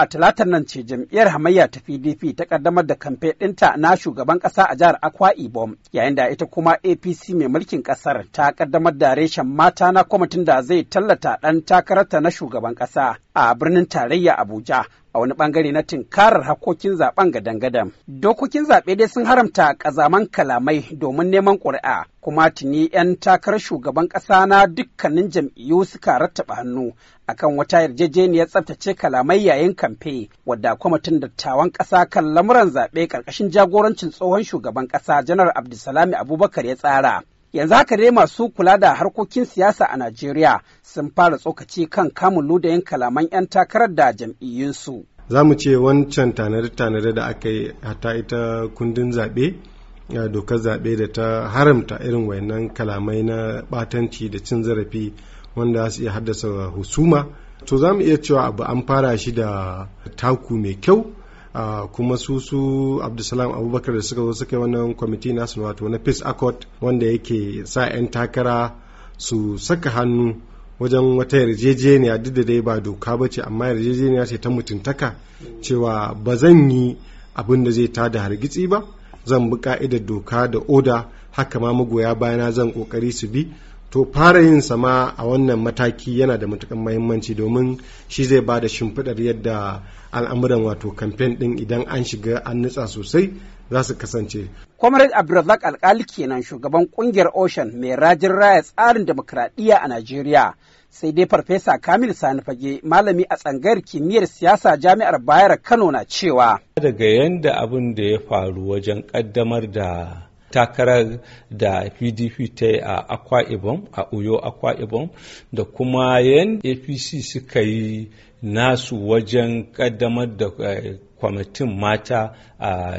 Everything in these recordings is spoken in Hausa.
A talatar nan ce jam'iyyar hamayya ta PDP ta kaddamar da kamfe ɗinta na shugaban ƙasa a jihar Akwa Ibom, yayin da ita kuma APC mai mulkin ƙasar ta kaddamar da reshen mata na kwamitin da zai tallata ɗan takararta na shugaban ƙasa a birnin tarayya Abuja a wani bangare na tinkarar hakokin zaben gadan-gadan. Dokokin zaɓe dai sun haramta ƙazaman kalamai domin neman ƙuri'a kuma tuni 'yan takarar shugaban ƙasa na dukkanin jam'iyyu suka rattaba hannu akan wata yarjejeniyar tsaftace kalamai yayin kamfe wadda kwamitin dattawan ƙasa kan lamuran zaɓe ƙarƙashin jagorancin tsohon shugaban ƙasa janar abdulsalami abubakar ya tsara Yanzu haka dai masu kula da harkokin siyasa a Najeriya sun fara tsokaci kan kamun ludayin kalaman 'yan takarar da jam'iyyunsu. Za mu ce wancan tanare-tanare da aka yi hata ita kundin zaɓe, dokar zaɓe da ta haramta irin wayannan kalamai na batanci da cin zarafi wanda su iya haddasa husuma. To za mu iya cewa abu an fara shi da taku mai kyau Ah, kuma su su abdulsalam abubakar da suka zo suka yi wannan kwamiti nasu wato na peace accord wanda yake sa 'yan takara su saka hannu wajen wata yarjejeniya duk da dai ba doka ba ce amma yarjejeniya ce ta mutuntaka cewa ba zan yi abin da zai ta da hargitsi ba zan bi ka'idar doka da oda haka ma magoya bayana zan kokari su bi to fara yin sama a wannan mataki yana da matukan mahimmanci domin shi zai ba da shimfiɗar yadda al'amuran wato kamfen ɗin idan an shiga an nutsa sosai za su kasance. Comrade Abdulrazak Alkali kenan shugaban kungiyar Ocean mai rajin raya tsarin demokradiyya a Najeriya. Sai dai Farfesa Kamil Sani Fage malami a tsangayar kimiyyar siyasa jami'ar Bayar Kano na cewa. Daga yanda abin da ya faru wajen ƙaddamar da takarar da pdp ta yi a akwa ibom a uyo akwa ibom da kuma yan apc suka yi nasu wajen kaddamar da eh, kwamitin mata a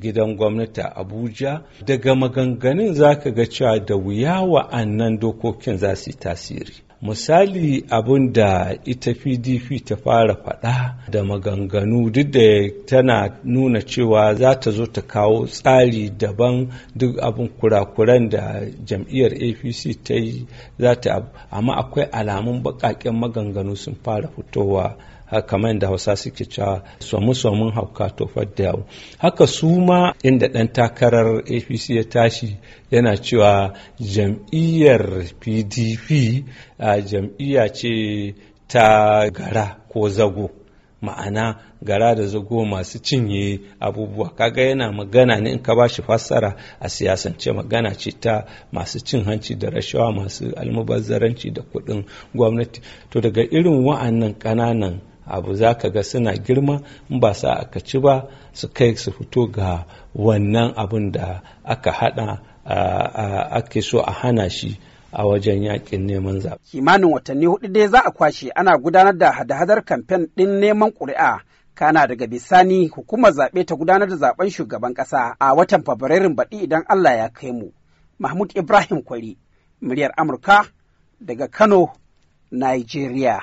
gidan gwamnati abuja daga maganganun za ka ga cewa da wuya wa'annan dokokin za su yi tasiri misali abin da ita pdp ta fara faɗa da maganganu duk da tana nuna cewa za ta zo ta kawo tsari daban duk abin kurakuran da jam'iyyar apc ta yi za ta amma akwai alamun baƙaƙen maganganu sun fara fitowa kamar yadda hausa suke cewa somu somun hauka tofar da haka su ma inda ɗan takarar apc ya tashi yana cewa jam'iyyar pdp a jam'iyya ce ta gara ko zago ma'ana gara da zago masu cinye abubuwa kaga yana magana ne in ka ba shi fassara a siyasance magana ce ta masu cin hanci da rashawa masu almubazzaranci da kuɗin gwamnati to daga irin wa'annan ƙananan abu za ka ga suna girma in ba sa aka ci ba su kai su fito ga wannan abin da aka hada ake so a hana shi a wajen yakin neman zaɓe. kimanin watanni hudu dai za a kwashe ana gudanar da hada-hadar kamfen ɗin neman ƙuri'a kana daga bisani hukumar zaɓe ta gudanar da zaɓen shugaban ƙasa a watan fabrairun baɗi idan allah ya kai mu mahmud ibrahim kwari muryar amurka daga kano nigeria